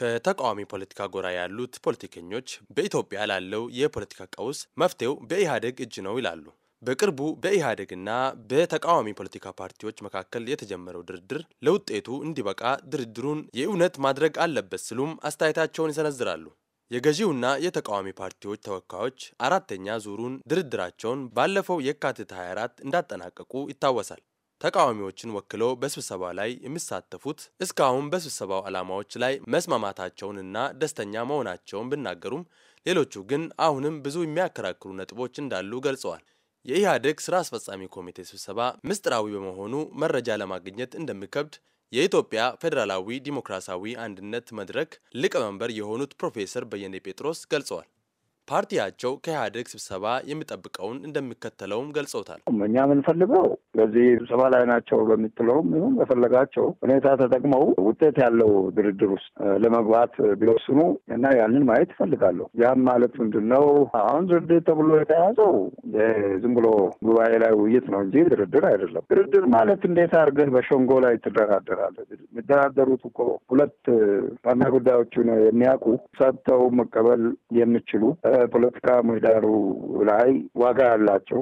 ከተቃዋሚ ፖለቲካ ጎራ ያሉት ፖለቲከኞች በኢትዮጵያ ላለው የፖለቲካ ቀውስ መፍትሄው በኢህአዴግ እጅ ነው ይላሉ። በቅርቡ በኢህአዴግና በተቃዋሚ ፖለቲካ ፓርቲዎች መካከል የተጀመረው ድርድር ለውጤቱ እንዲበቃ ድርድሩን የእውነት ማድረግ አለበት ሲሉም አስተያየታቸውን ይሰነዝራሉ። የገዢውና የተቃዋሚ ፓርቲዎች ተወካዮች አራተኛ ዙሩን ድርድራቸውን ባለፈው የካቲት 24 እንዳጠናቀቁ ይታወሳል። ተቃዋሚዎችን ወክለው በስብሰባ ላይ የሚሳተፉት እስካሁን በስብሰባው ዓላማዎች ላይ መስማማታቸውንና ደስተኛ መሆናቸውን ቢናገሩም ሌሎቹ ግን አሁንም ብዙ የሚያከራክሩ ነጥቦች እንዳሉ ገልጸዋል። የኢህአዴግ ስራ አስፈጻሚ ኮሚቴ ስብሰባ ምስጢራዊ በመሆኑ መረጃ ለማግኘት እንደሚከብድ የኢትዮጵያ ፌዴራላዊ ዲሞክራሲያዊ አንድነት መድረክ ሊቀመንበር የሆኑት ፕሮፌሰር በየነ ጴጥሮስ ገልጸዋል። ፓርቲያቸው ከኢህአዴግ ስብሰባ የሚጠብቀውን እንደሚከተለውም ገልጸውታል። እኛ የምንፈልገው በዚህ ስብሰባ ላይ ናቸው በሚጥለውም ይሁን በፈለጋቸው ሁኔታ ተጠቅመው ውጤት ያለው ድርድር ውስጥ ለመግባት ቢወስኑ እና ያንን ማየት ይፈልጋለሁ። ያም ማለት ምንድን ነው? አሁን ድርድር ተብሎ የተያዘው ዝም ብሎ ጉባኤ ላይ ውይይት ነው እንጂ ድርድር አይደለም። ድርድር ማለት እንዴት አድርገህ በሸንጎ ላይ ትደራደራለህ? የሚደራደሩት እኮ ሁለት ዋና ጉዳዮችን የሚያውቁ ሰጥተው መቀበል የሚችሉ በፖለቲካ ምህዳሩ ላይ ዋጋ ያላቸው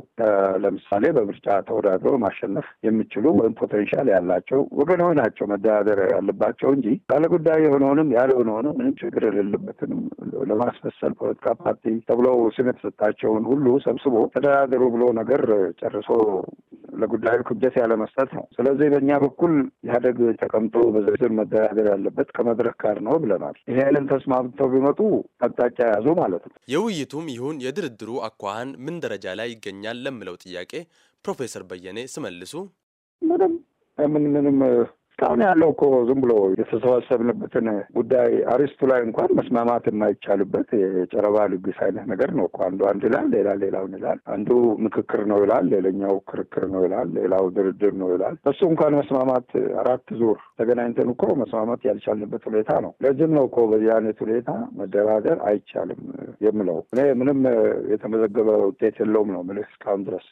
ለምሳሌ በምርጫ ተወዳድሮ ማሸነፍ የሚችሉ ወይም ፖቴንሻል ያላቸው ወገናዊ ናቸው መደራደር ያለባቸው እንጂ ባለጉዳይ የሆነውንም ያልሆነውንም ምንም ችግር የሌለበትንም ለማስመሰል ፖለቲካ ፓርቲ ተብለው ስም የተሰጣቸውን ሁሉ ሰብስቦ ተደራደሩ ብሎ ነገር ጨርሶ ለጉዳዩ ክብደት ያለመስጠት ነው። ስለዚህ በእኛ በኩል ኢህአደግ ተቀምጦ በዝርዝር መደራደር ያለበት ከመድረክ ጋር ነው ብለናል። ይህንን ተስማምተው ቢመጡ አቅጣጫ ያዙ ማለት ነው። የውይይቱም ይሁን የድርድሩ አኳኋን ምን ደረጃ ላይ ይገኛል ለምለው ጥያቄ ፕሮፌሰር በየኔ ስመልሱ ምንም ምን ምንም እስካሁን ያለው እኮ ዝም ብሎ የተሰባሰብንበትን ጉዳይ አርስቱ ላይ እንኳን መስማማት የማይቻልበት የጨረባ ልግስ አይነት ነገር ነው አንዱ አንድ ይላል፣ ሌላ ሌላውን ይላል። አንዱ ምክክር ነው ይላል፣ ሌላኛው ክርክር ነው ይላል፣ ሌላው ድርድር ነው ይላል። እሱ እንኳን መስማማት አራት ዙር ተገናኝተን እኮ መስማማት ያልቻልንበት ሁኔታ ነው። ለዚህም ነው እኮ በዚህ አይነት ሁኔታ መደራደር አይቻልም የምለው። እኔ ምንም የተመዘገበ ውጤት የለውም ነው ምልህ እስካሁን ድረስ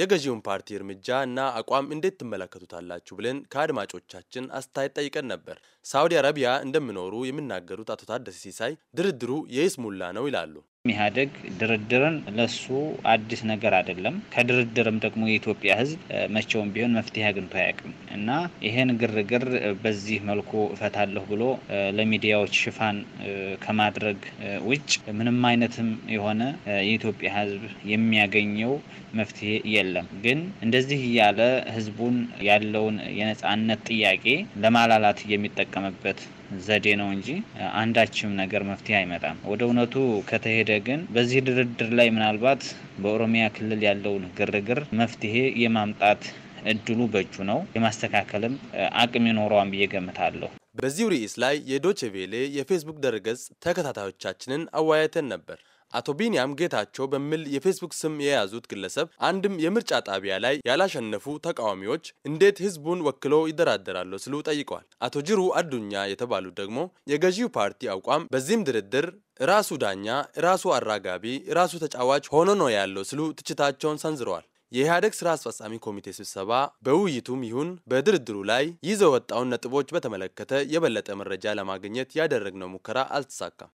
የገዢውን ፓርቲ እርምጃ እና አቋም እንዴት ትመለከቱታላችሁ ብለን ከአድማጮቻችን አስተያየት ጠይቀን ነበር። ሳውዲ አረቢያ እንደሚኖሩ የሚናገሩት አቶ ታደሰ ሲሳይ ድርድሩ የይስሙላ ነው ይላሉ። ኢህአዴግ ድርድርን ለሱ አዲስ ነገር አይደለም። ከድርድርም ደግሞ የኢትዮጵያ ህዝብ መቼውም ቢሆን መፍትሄ አግኝቶ አያውቅም እና ይህን ግርግር በዚህ መልኩ እፈታለሁ ብሎ ለሚዲያዎች ሽፋን ከማድረግ ውጭ ምንም አይነትም የሆነ የኢትዮጵያ ህዝብ የሚያገኘው መፍትሄ የለም። ግን እንደዚህ እያለ ህዝቡን ያለውን የነጻነት ጥያቄ ለማላላት የሚጠቀምበት ዘዴ ነው እንጂ አንዳችም ነገር መፍትሄ አይመጣም። ወደ እውነቱ ከተሄደ ግን በዚህ ድርድር ላይ ምናልባት በኦሮሚያ ክልል ያለውን ግርግር መፍትሄ የማምጣት እድሉ በእጁ ነው። የማስተካከልም አቅም ይኖረዋን ብዬ ገምታለሁ። በዚሁ ርዕስ ላይ የዶቼ ቬሌ የፌስቡክ ድረገጽ ተከታታዮቻችንን አወያየተን ነበር። አቶ ቢንያም ጌታቸው በሚል የፌስቡክ ስም የያዙት ግለሰብ አንድም የምርጫ ጣቢያ ላይ ያላሸነፉ ተቃዋሚዎች እንዴት ህዝቡን ወክለው ይደራደራሉ ሲሉ ጠይቀዋል። አቶ ጅሩ አዱኛ የተባሉት ደግሞ የገዢው ፓርቲ አቋም በዚህም ድርድር ራሱ ዳኛ፣ ራሱ አራጋቢ፣ ራሱ ተጫዋች ሆኖ ነው ያለው ሲሉ ትችታቸውን ሰንዝረዋል። የኢህአዴግ ስራ አስፈጻሚ ኮሚቴ ስብሰባ በውይይቱም ይሁን በድርድሩ ላይ ይዘው ወጣውን ነጥቦች በተመለከተ የበለጠ መረጃ ለማግኘት ያደረግነው ሙከራ አልተሳካም።